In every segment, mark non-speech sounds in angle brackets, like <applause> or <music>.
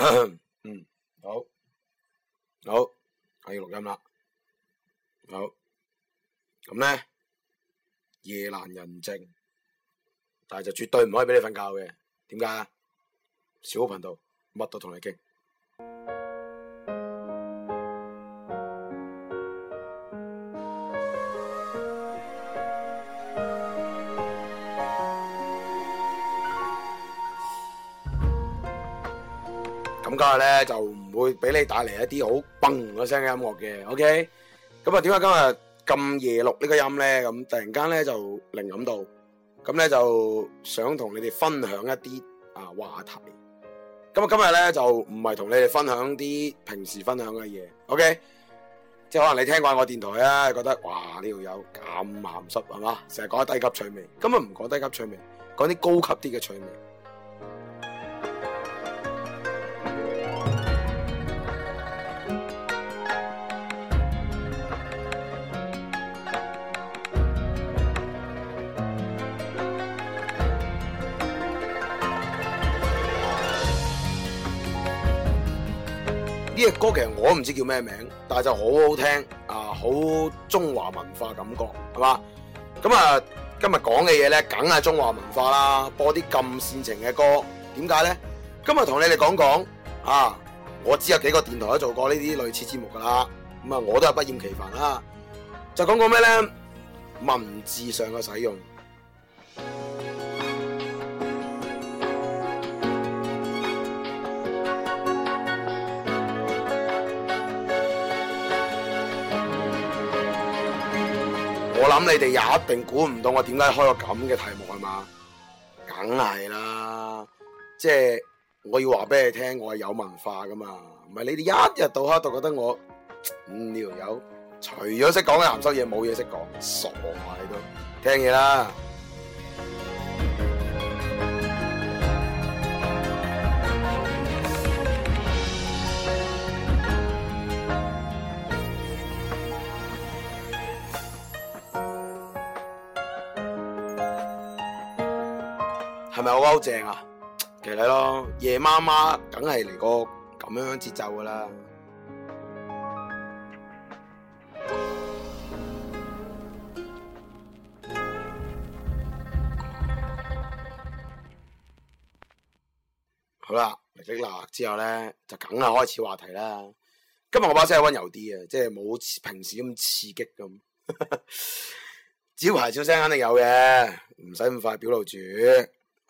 <coughs> 嗯，好，好，可以錄音啦，好，咁咧夜闌人靜，但係就絕對唔可以俾你瞓覺嘅，點解啊？小頻道，乜都同你傾。今日咧就唔會俾你帶嚟一啲好嘣個聲音樂嘅，OK？咁啊，點解今日咁夜錄呢個音咧？咁突然間咧就靈感到，咁咧就想同你哋分享一啲啊話題。咁啊，今日咧就唔係同你哋分享啲平時分享嘅嘢，OK？即係可能你聽慣我電台啊，覺得哇呢度有咁咸濕係嘛？成日講低級趣味。今日唔講低級趣味，講啲高級啲嘅趣味。呢個歌其實我唔知叫咩名，但係就好好聽啊，好中華文化感覺係嘛？咁啊、嗯，今日講嘅嘢咧梗係中華文化啦，播啲咁煽情嘅歌，點解咧？今日同你哋講講啊，我知有幾個電台都做過呢啲類似節目噶啦，咁、嗯、啊我都係不厭其煩啦，就講講咩咧？文字上嘅使用。咁、嗯、你哋也一定估唔到我點解開個咁嘅題目係嘛？梗係啦，即係我要話俾你聽，我係有文化㗎嘛，唔係你哋一日到黑都覺得我唔了友，除咗識講啲鹹濕嘢，冇嘢識講，傻喎、啊、你都，聽嘢啦。係咪好正啊？其實你咯，夜媽媽梗係嚟個咁樣樣節奏噶啦。 <music> 好啦，嚟得啦之後咧，就梗係開始話題啦。今日我把聲係溫柔啲啊，即係冇平時咁刺激咁。招 <laughs> 牌笑聲肯定有嘅，唔使咁快表露住。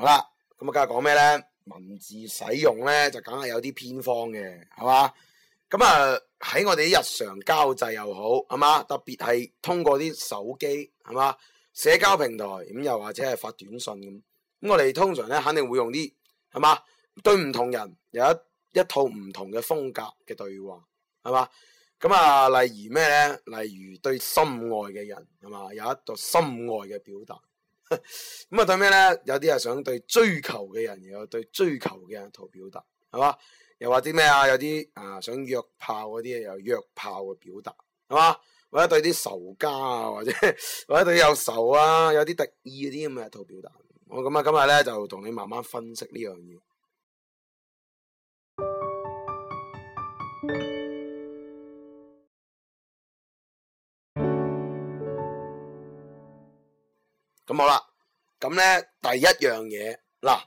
好啦，咁啊，梗係講咩咧？文字使用咧，就梗係有啲偏方嘅，係嘛？咁啊，喺、呃、我哋啲日常交際又好，係嘛？特別係通過啲手機，係嘛？社交平台咁又或者係發短信咁，咁我哋通常咧，肯定會用啲，係嘛？對唔同人有一一套唔同嘅風格嘅對話，係嘛？咁啊、呃，例如咩咧？例如對心愛嘅人，係嘛？有一個心愛嘅表達。咁啊，對咩咧？有啲啊想對追求嘅人，有對追求嘅人一套表達，係嘛？又話啲咩啊？有啲啊想約炮嗰啲，有約炮嘅表達，係嘛？或者對啲仇家啊，或者或者對有仇啊，有啲敵意嗰啲咁嘅一套表達。我咁啊，今日咧就同你慢慢分析呢樣嘢。好啦，咁呢第一樣嘢，嗱，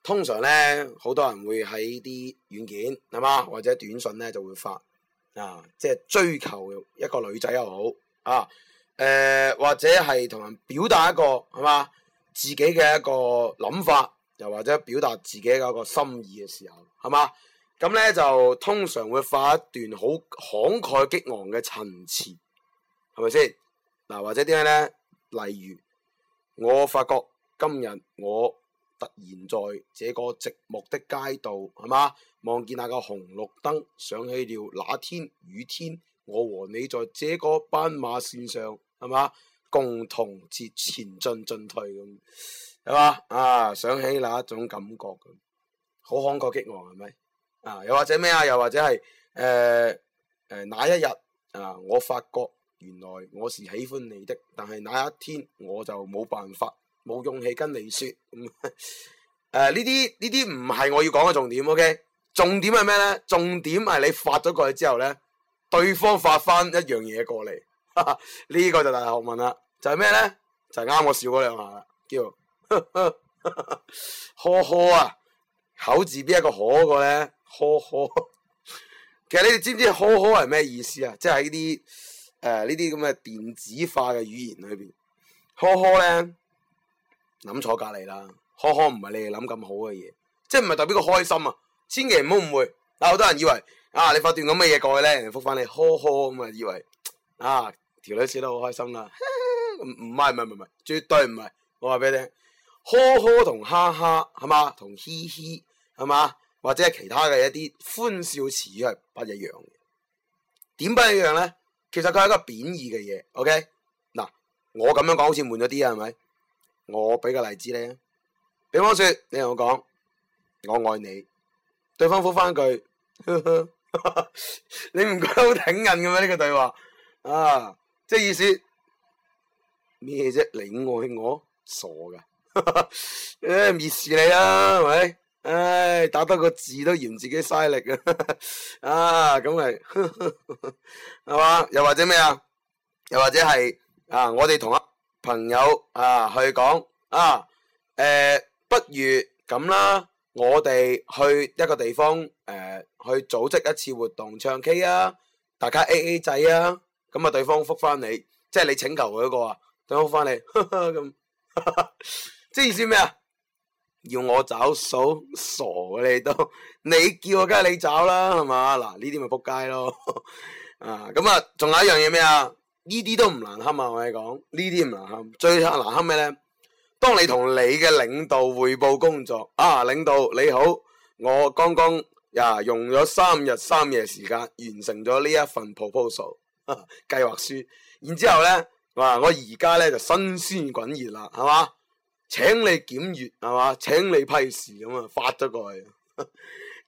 通常呢，好多人會喺啲軟件係嘛，或者短信呢就會發啊，即係追求一個女仔又好啊，誒、呃、或者係同人表達一個係嘛自己嘅一個諗法，又或者表達自己嘅一個心意嘅時候係嘛，咁呢，就通常會發一段好慷慨激昂嘅陳詞，係咪先？嗱？或者點樣呢？例如。我發覺今日我突然在這個寂寞的街道，係嘛？望見那個紅綠燈，想起了那天雨天，我和你在這個斑馬線上，係嘛？共同節前進進退咁，係嘛？啊，想起那一種感覺好慷慨激昂，係咪？啊，又或者咩啊？又或者係誒誒，那、呃呃、一日啊，我發覺。原來我是喜歡你的，但係那一天我就冇辦法，冇勇氣跟你說。誒呢啲呢啲唔係我要講嘅重點，OK？重點係咩咧？重點係你發咗過去之後咧，對方發翻一樣嘢過嚟，呢 <laughs> 個就大學問啦。就係咩咧？就係、是、啱我笑嗰兩下啦，叫 <laughs> 呵呵呵呵啊，口字邊一個可個咧，呵呵。其實你哋知唔知呵呵係咩意思啊？即係呢啲。誒，呢啲咁嘅電子化嘅語言裏邊，呵呵咧，諗坐隔籬啦，呵呵唔係你哋諗咁好嘅嘢，即係唔係代表佢開心啊，千祈唔好誤會。啊，好多人以為啊，你發段咁嘅嘢過去咧，人哋覆翻你呵呵咁啊，以為啊條女寫得好開心啦，唔、唔係唔係唔係，絕對唔係。我話俾你聽，呵呵同哈哈係嘛，同嘻嘻係嘛，或者係其他嘅一啲歡笑詞語係不一樣嘅，點不一樣咧？其實佢係一個貶義嘅嘢，OK？嗱，我咁樣講好似悶咗啲啊，係咪？我俾個例子你咧，比方說，你同我講我愛你，對方覆翻一句，呵呵 <laughs> 你唔覺得好頂人嘅咩？呢、這個對話啊，即係意思咩啫？你愛我，傻噶，誒、 <laughs> 啊，蔑視你啦，係咪的？唉，打多個字都嫌自己嘥力啊！啊，咁咪係嘛？又或者咩啊？又或者係啊？我哋同阿朋友啊去講啊，誒，不如咁啦，我哋去一個地方誒，去組織一次活動唱 K 啊，大家 A A 制啊，咁啊對方覆翻你，即係你請求佢嗰個，對方覆翻你，咁即係意思咩啊？要我找數傻嘅？你都，你叫我梗係你找啦，係嘛？嗱呢啲咪仆街咯，啊咁啊，仲有一樣嘢咩啊？呢啲都唔難堪啊！我講呢啲唔難堪，最難堪咩呢？當你同你嘅領導匯報工作啊，領導你好，我剛剛呀用咗三日三夜時間完成咗呢一份 proposal 啊、計劃書，然之後咧，哇、啊、我而家呢就新鮮滾熱啦，係嘛？請你檢閱係嘛，請你批示咁啊，發咗過去呵呵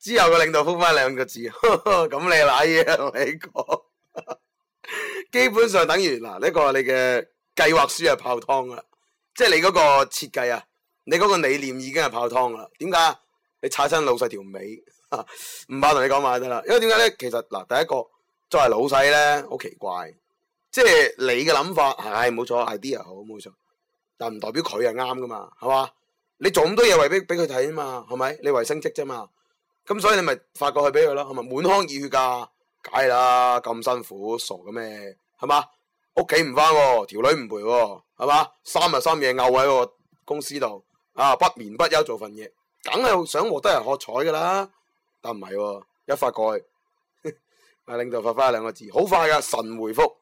之後個領導覆返兩個字，咁你瀨嘢你講，基本上等於嗱呢個你嘅計劃書係泡湯啦，即係你嗰個設計啊，你嗰個理念已經係泡湯啦。點解你踩身老細條尾，唔怕同你講埋得啦。因為點解咧？其實嗱，第一個作為老細咧，好奇怪，即係你嘅諗法係冇錯，idea 好冇錯。但唔代表佢係啱噶嘛，係嘛？你做咁多嘢為俾俾佢睇啫嘛，係咪？你為升職啫嘛？咁所以你咪發過去俾佢咯，係咪？滿腔熱血噶，梗係啦，咁辛苦，傻嘅咩？係嘛？屋企唔翻，條女唔陪，啊，係嘛？三日三夜漚喺公司度，啊，不眠不休做份嘢，梗係想獲得人喝彩噶啦，但唔係喎，一發過去，阿領導發翻兩個字，好快噶，神回覆，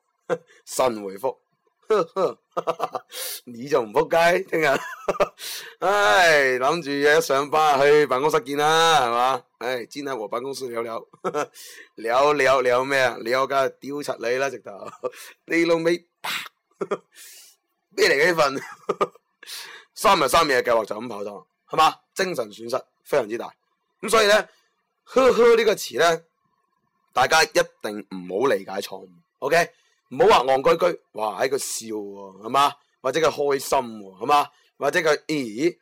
神回覆。 <laughs> 你就唔撲街，聽日， <laughs> 唉，諗住一上班去辦公室見啦，係嘛？唉，煎喺我辦公室聊聊， <laughs> 聊聊聊咩啊？聊㗎，屌柒你啦，直頭，你老味，啪！咩嚟嘅呢份？三日三夜嘅計劃就咁泡湯啦，係嘛？精神損失非常之大。咁所以咧，呵呵，呢個詞呢個詞咧，大家一定唔好理解錯誤。OK。唔好話憨居居，話喺個笑係嘛？或者佢開心係嘛？或者佢咦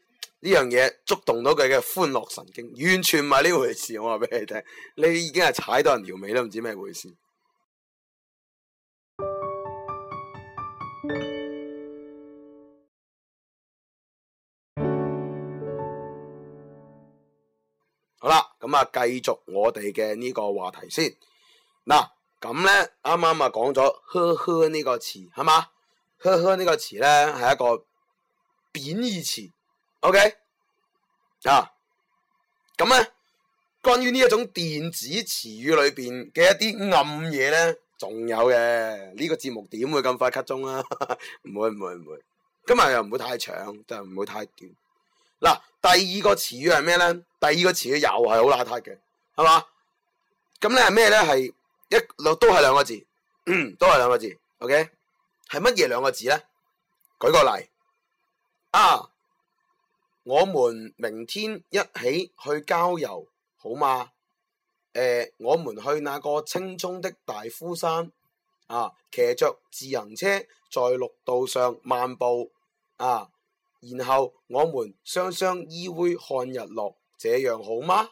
呢樣嘢觸動到佢嘅歡樂神經，完全唔係呢回事。我話俾你聽，你已經係踩到人條尾啦，唔知咩回事。 <music> 好啦，咁啊，繼續我哋嘅呢個話題先嗱。咁咧，啱啱啊講咗呵呵呢個詞係嘛？呵呵呢個詞咧係一個貶義詞，OK 啊？咁咧，關於呢一種電子詞語裏邊嘅一啲暗嘢咧，仲，有嘅呢個節目點會咁快 cut 鐘啊？唔 <laughs> 會唔會唔會，會，今日又唔會太長，但係唔會太短。嗱、啊，第二個詞語係咩咧？第二個詞語又係好邋遢嘅，係嘛？咁咧係咩咧？係。一路都係兩個字，都係兩個字。OK，係乜嘢兩個字呢？舉個例啊，我們明天一起去郊遊，好嗎？呃，我們去那個青葱的大夫山啊，騎着自行車在綠道上漫步啊，然後我們雙雙依偎看日落，這樣好嗎？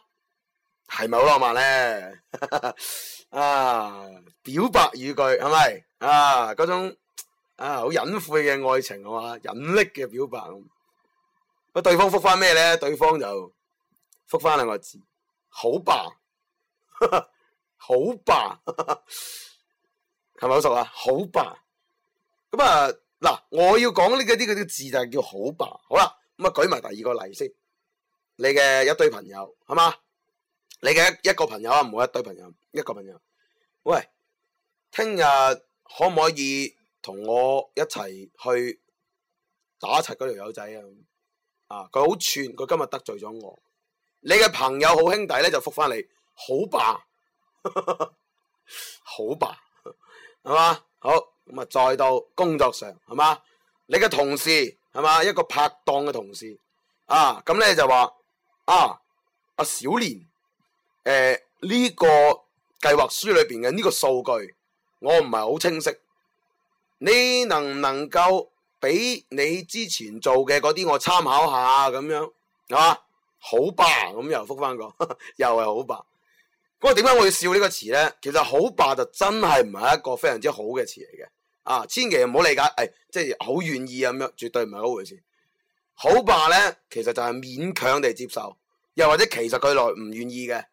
係咪好浪漫咧？ <laughs> 啊，表白語句係咪？啊，嗰種啊好隱晦嘅愛情啊嘛，隱匿嘅表白。咁，咁對方覆翻咩咧？對方就覆翻兩個字，好吧 <laughs> 好霸、 <laughs> 啊啊，好吧，係咪好熟啊？好吧，咁啊嗱，我要講呢啲嗰啲字就係叫好吧。好啦，咁啊舉埋第二個例子先，你嘅一堆朋友係嘛？是你嘅一一個朋友啊，唔好一堆朋友，一個朋友。喂，聽日可唔可以同我一齊去打柒嗰條友仔啊？啊，佢好串，佢今日得罪咗我。你嘅朋友好兄弟咧，就復翻你好霸，呵呵，好霸吧，好吧，係嘛？好，咁啊，再到工作上，係嘛？你嘅同事係嘛？一個拍檔嘅同事，啊，咁咧就話啊，阿小年。誒，呢、呃，這個計劃書裏邊嘅呢個數據，我唔係好清晰。你能唔能夠俾你之前做嘅嗰啲我參考下咁樣，係嘛？好吧，咁又複翻個，呵呵又係好吧。咁我點解我要笑呢個詞咧？其實好吧就真係唔係一個非常之好嘅詞嚟嘅。啊，千祈唔好理解，誒、哎，即係好願意咁樣，絕對唔係一回事。好吧咧，其實就係勉強地接受，又或者其實佢內唔願意嘅。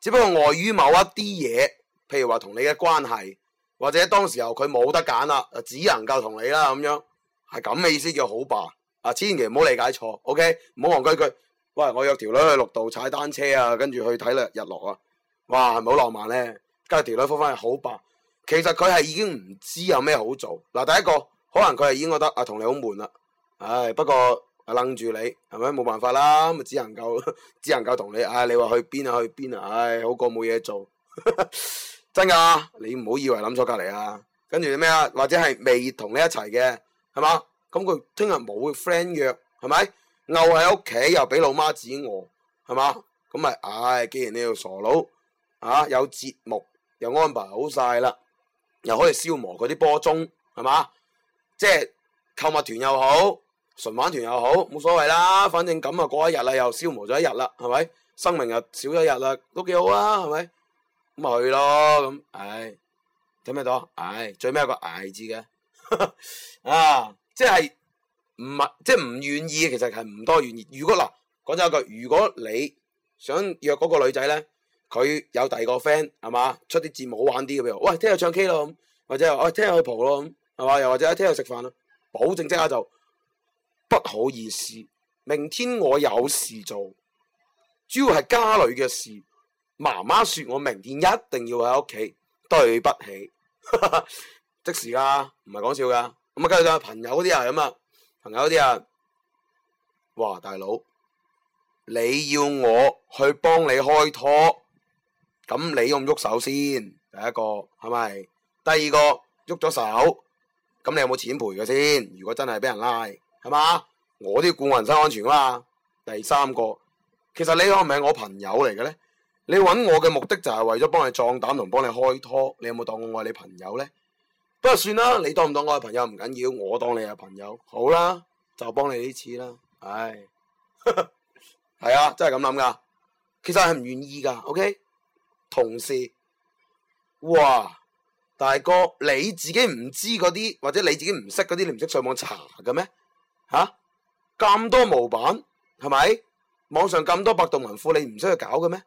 只不過礙於某一啲嘢，譬如話同你嘅關係，或者當時候佢冇得揀啦，只能夠同你啦咁樣，係咁嘅意思叫好吧？啊，千祈唔好理解錯，OK？唔好戇居居。喂，我約條女去綠道踩單車啊，跟住去睇日落啊，哇，係唔係好浪漫咧、啊？跟住條女覆翻去好吧，其實佢係已經唔知有咩好做。嗱、啊，第一個可能佢係已經覺得啊同你好悶啦，唉、哎，不過。楞住你，係咪？冇辦法啦，咁啊，只能夠只能夠同你，唉、哎，你話去邊啊？去邊啊？唉、哎，好過冇嘢做，呵呵真噶！你唔好以為諗咗隔籬啊，跟住咩啊？或者係未同你一齊嘅，係嘛？咁佢聽日冇 friend 約，係咪？又喺屋企又俾老媽子餓，係嘛？咁咪唉，既然你又傻佬，啊，有節目又安排好晒啦，又可以消磨嗰啲波鐘，係嘛？即係購物團又好。純玩團又好，冇所謂啦，反正咁啊過一日啦，又消磨咗一日啦，係咪？生命又少咗一日啦，都幾好啊，係咪？咁咪去咯，咁、哎、唉，睇咩到？唉、哎，最尾有個矮字嘅， <laughs> 啊，即係唔係，即係唔願意，其實係唔多願意。如果嗱，講咗一句，如果你想約嗰個女仔咧，佢有第二個 friend 係嘛，出啲節目好玩啲嘅，喂，聽日唱 K 咯咁，或者喂，聽、哎、日去蒲咯咁，係嘛？又或者聽日食飯咯，保證即刻就。不好意思，明天我有事做，主要係家裏嘅事。媽媽說我明天一定要喺屋企，對不起， <laughs> 即時噶，唔係講笑噶。咁啊，跟住就朋友嗰啲啊，咁啊，朋友嗰啲啊，哇，大佬，你要我去幫你開拖，咁你用唔喐手先，第一個係咪？第二個喐咗手，咁你有冇錢賠佢先？如果真係俾人拉。係嘛？我都要顧人身安全噶嘛？第三個，其實你可唔係我朋友嚟嘅咧？你揾我嘅目的就係為咗幫你壯膽同幫你開拖，你有冇當我係你朋友咧？不過算啦，你當唔當我係朋友唔緊要，我當你係朋友好啦，就幫你呢次啦。唉、哎，係 <laughs> 啊，真係咁諗噶，其實係唔願意噶。OK，同事，哇，大哥你自己唔知嗰啲或者你自己唔識嗰啲，你唔識上網查嘅咩？吓，咁多模板係咪？網上咁多百度文庫，你唔需要搞嘅咩？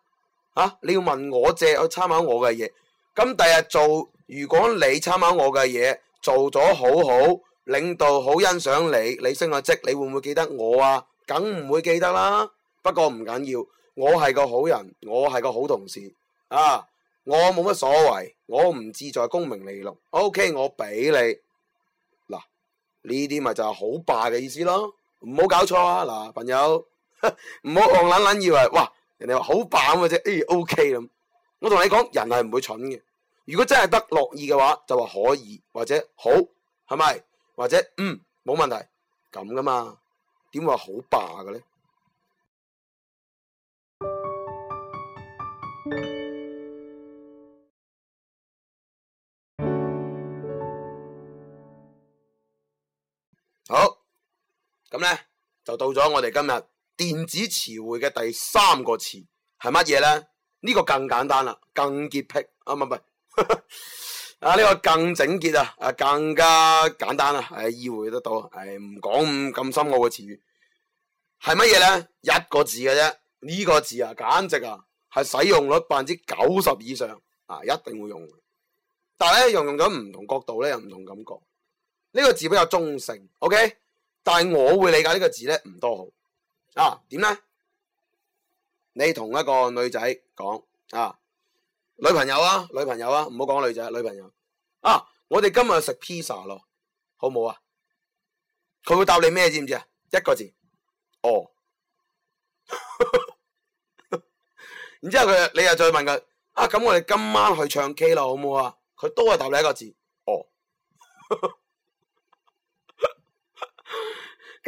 吓、啊、你要問我借去參考我嘅嘢，咁第日做如果你參考我嘅嘢做咗好好，領導好欣賞你，你升個職，你會唔會記得我啊？梗唔會記得啦。不過唔緊要，我係個好人，我係個好同事啊！我冇乜所謂，我唔志在功名利祿。OK，我俾你。呢啲咪就係好霸嘅意思咯，唔好搞錯啊！嗱，朋友，唔好戇撚撚以為，哇，人哋話好霸咁嘅啫，哎，OK 啦，我同你講，人係唔會蠢嘅，如果真係得樂意嘅話，就話可以或者好，係咪？或者嗯，冇問題，咁噶嘛，點會話好霸嘅咧？咁咧就到咗我哋今日電子詞彙嘅第三個詞，係乜嘢咧？呢、這個更簡單啦，更潔癖啊，唔係啊，呢、這個更整潔啊，啊更加簡單啊，係、哎、意會得到，係唔講咁深奧嘅詞語係乜嘢咧？一個字嘅啫，呢、這個字啊簡直啊係使用率百分之九十以上啊，一定會用。但係咧，用用緊唔同角度咧，有唔同感覺。呢、這個字比較中性，OK。但係我會理解呢個字咧唔多好啊？點咧？你同一個女仔講啊，女朋友啊，女朋友啊，唔好講女仔，女朋友啊，我哋今日食披薩咯，好唔好啊？佢會答你咩？知唔知啊？一個字，哦。 <laughs> 然之後佢你又再問佢啊？咁我哋今晚去唱 K 咯，好唔好啊？佢都係答你一個字，哦。 <laughs>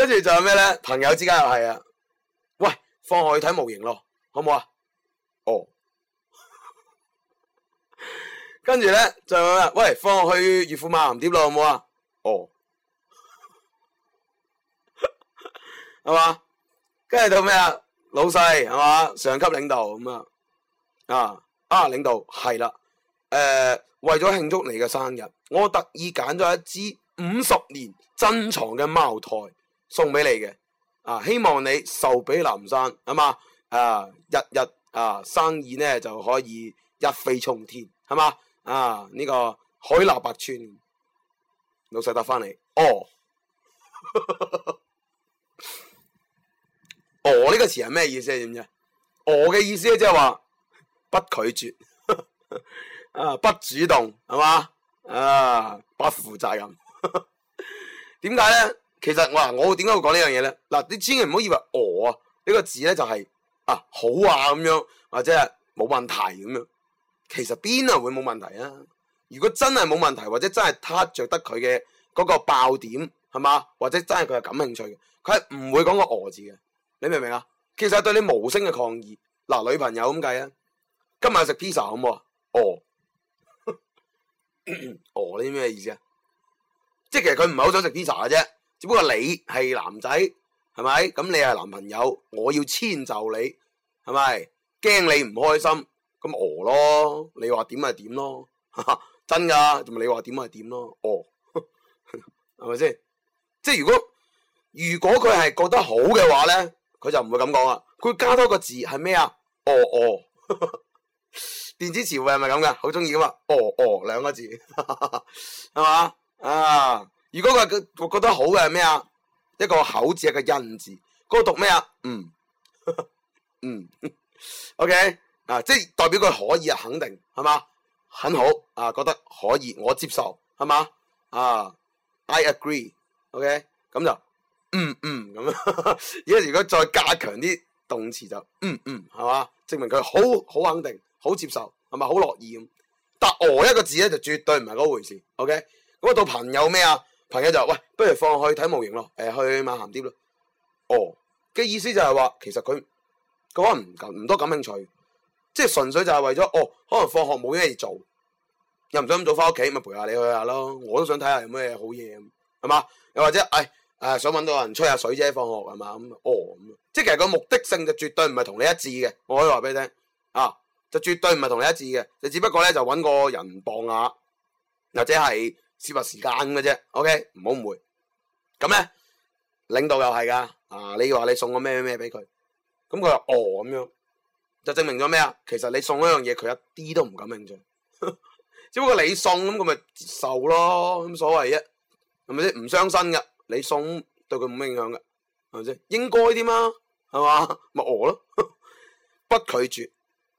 跟住就係咩咧？朋友之間又係啊！喂，放學去睇模型咯，好唔好啊？哦，跟住咧就係咩？喂，放學去岳父買鹹碟咯，好唔好啊？哦，係 <laughs> 嘛？ <laughs> 跟住到咩啊？老細係嘛？上級領導咁啊啊啊！領導係啦，誒、呃，為咗慶祝你嘅生日，我特意揀咗一支五十年珍藏嘅茅台。送俾你嘅。啊，希望你壽比南山，係嘛，啊，日日啊生意呢就可以一飛沖天，係嘛，啊呢個海納百川，老細得翻嚟。哦，哦 <laughs> 呢個詞係咩意思？點啫？我嘅意思即係話不拒絕， <laughs> 啊，不主動，係嘛，啊，不負責任，點 <laughs> 解呢？其實我話我點解會講呢樣嘢咧？嗱，你千祈唔好以為哦啊呢個字咧就係、是、啊好啊咁樣，或者係冇問題咁樣。其實邊啊會冇問題啊？如果真係冇問題，或者真係撻着得佢嘅嗰個爆點，係嘛？或者真係佢係感興趣，嘅，佢唔會講個哦字嘅。你明唔明啊？其實係對你無聲嘅抗議。嗱，女朋友咁計啊，今晚食 pizza 好唔好啊，哦、呃，哦呢啲咩意思啊？即係其實佢唔係好想食 pizza 嘅啫。只不過你係男仔，係咪？咁你係男朋友，我要遷就你，係咪？驚你唔開心，咁哦咯，你話點咪點咯，真噶，仲你話點咪點咯，哦，係咪先？即係如果如果佢係覺得好嘅話咧，佢就唔會咁講啦，佢加多個字係咩啊？哦哦，電子詞彙係咪咁噶？好中意噶嘛？哦哦兩個字，係嘛、哦哦 <laughs> 哦哦、 <laughs> 啊？如果佢覺得好嘅係咩啊？一個口字一個恩字，嗰、嗰個讀咩啊？嗯， <laughs> 嗯，OK，啊，即係代表佢可以啊，肯定係嘛，很好啊，覺得可以，我接受係嘛，啊，I agree，OK，okay? 咁就嗯嗯咁樣，而 <laughs> 如果再加強啲動詞就嗯嗯係嘛，證明佢好好肯定，好接受係咪好樂意咁？但我、呃、一個字咧就絕對唔係嗰回事，OK，咁啊到朋友咩啊？朋友就話喂，不如放學去睇模型咯，誒、呃、去買咸碟咯。哦嘅意思就係話，其實佢佢可能唔唔多感興趣，即係純粹就係為咗哦，可能放學冇嘢做，又唔想咁早翻屋企，咪陪下你去下咯。我都想睇下有咩好嘢，係嘛？又或者誒誒、哎呃，想揾到人吹下水啫，放學係嘛咁？哦咁，即係其實個目的性就絕對唔係同你一致嘅，我可以話俾你聽啊，就絕對唔係同你一致嘅。就只不過咧就揾個人傍下，或者係。節約時間嘅啫，OK，唔好誤會。咁咧，領導又係噶，啊，你話你送個咩咩咩俾佢，咁佢又餓咁樣，就證明咗咩啊？其實你送一樣嘢，佢一啲都唔感興趣呵呵，只不過你送咁佢咪接受咯，咁所謂啫係咪先唔傷身噶？你送對佢冇咩影響噶，係咪先？應該啲嘛，係嘛？咪餓咯，不拒絕，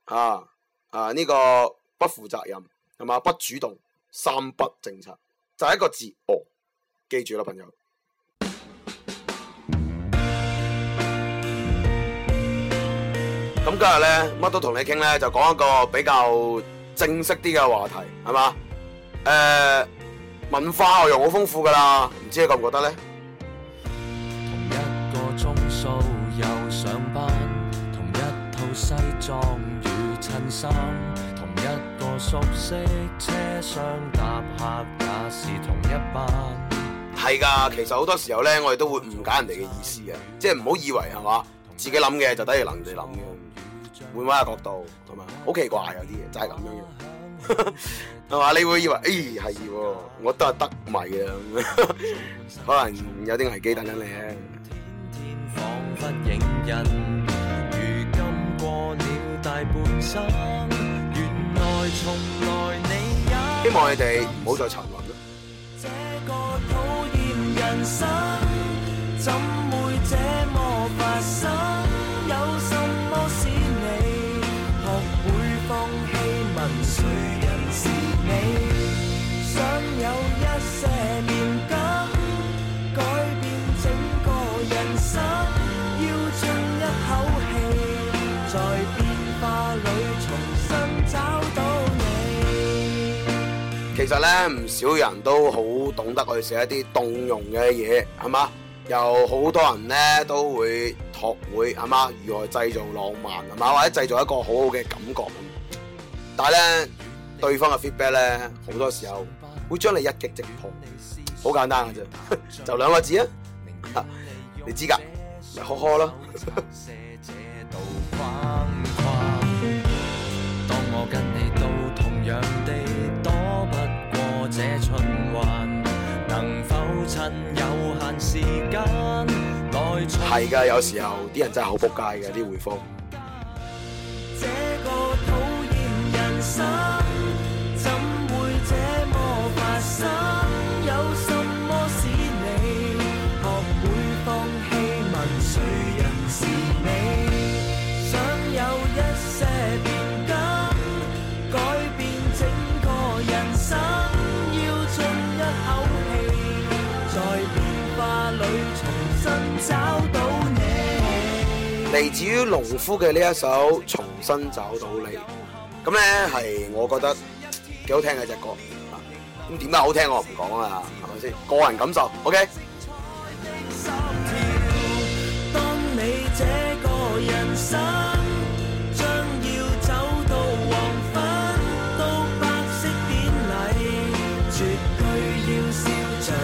啊啊呢個不負責任，係嘛？不主動，三不政策。就一個字哦，記住啦，朋友。咁今日咧，乜都同你傾咧，就講一個比較正式啲嘅話題，係嘛？誒、呃，文化內容好豐富㗎啦，唔知你覺唔覺得咧？同一個熟悉車廂搭客同一班，係噶，其實好多時候咧，我哋都會誤解人哋嘅意思啊，即係唔好以為，係嘛，自己諗嘅就等於人哋諗嘅，換翻個角度，係嘛，好奇怪有啲嘢，真係咁樣，係嘛，你會以為，誒、係、哎，我都係得迷啊， <laughs> 可能有啲危機等緊你咧。希望你哋唔好再沉淪。其實咧，唔少人都好懂得去寫一啲動容嘅嘢，係嘛？又好多人咧，都會學會係嘛？如何製造浪漫，係嘛？或者製造一個好好嘅感覺。但係咧，對方嘅 feedback 咧，好多時候會將你一擊即破。好簡單嘅啫， <laughs> 就兩個字啊，你知噶？呵呵咯。 <laughs> 這循環能否趁有限時間？係噶，有時候啲人真係好撲街嘅啲回覆。農夫嘅呢一首《重新找到你》，咁呢，係我覺得幾好聽嘅隻歌，咁點都好聽我唔講啦，係咪先？個人感受，OK。當你這個人生將要走到黃昏，到白色典禮，絕對要笑唱。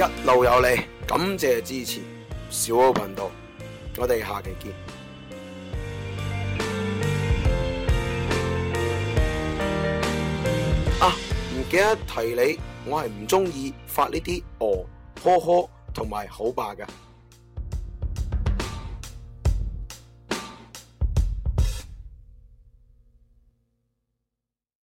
一路有你，感謝支持小屋頻道，我哋下期見。啊，唔記得提你，我係唔中意發呢啲哦呵呵同埋好霸嘅。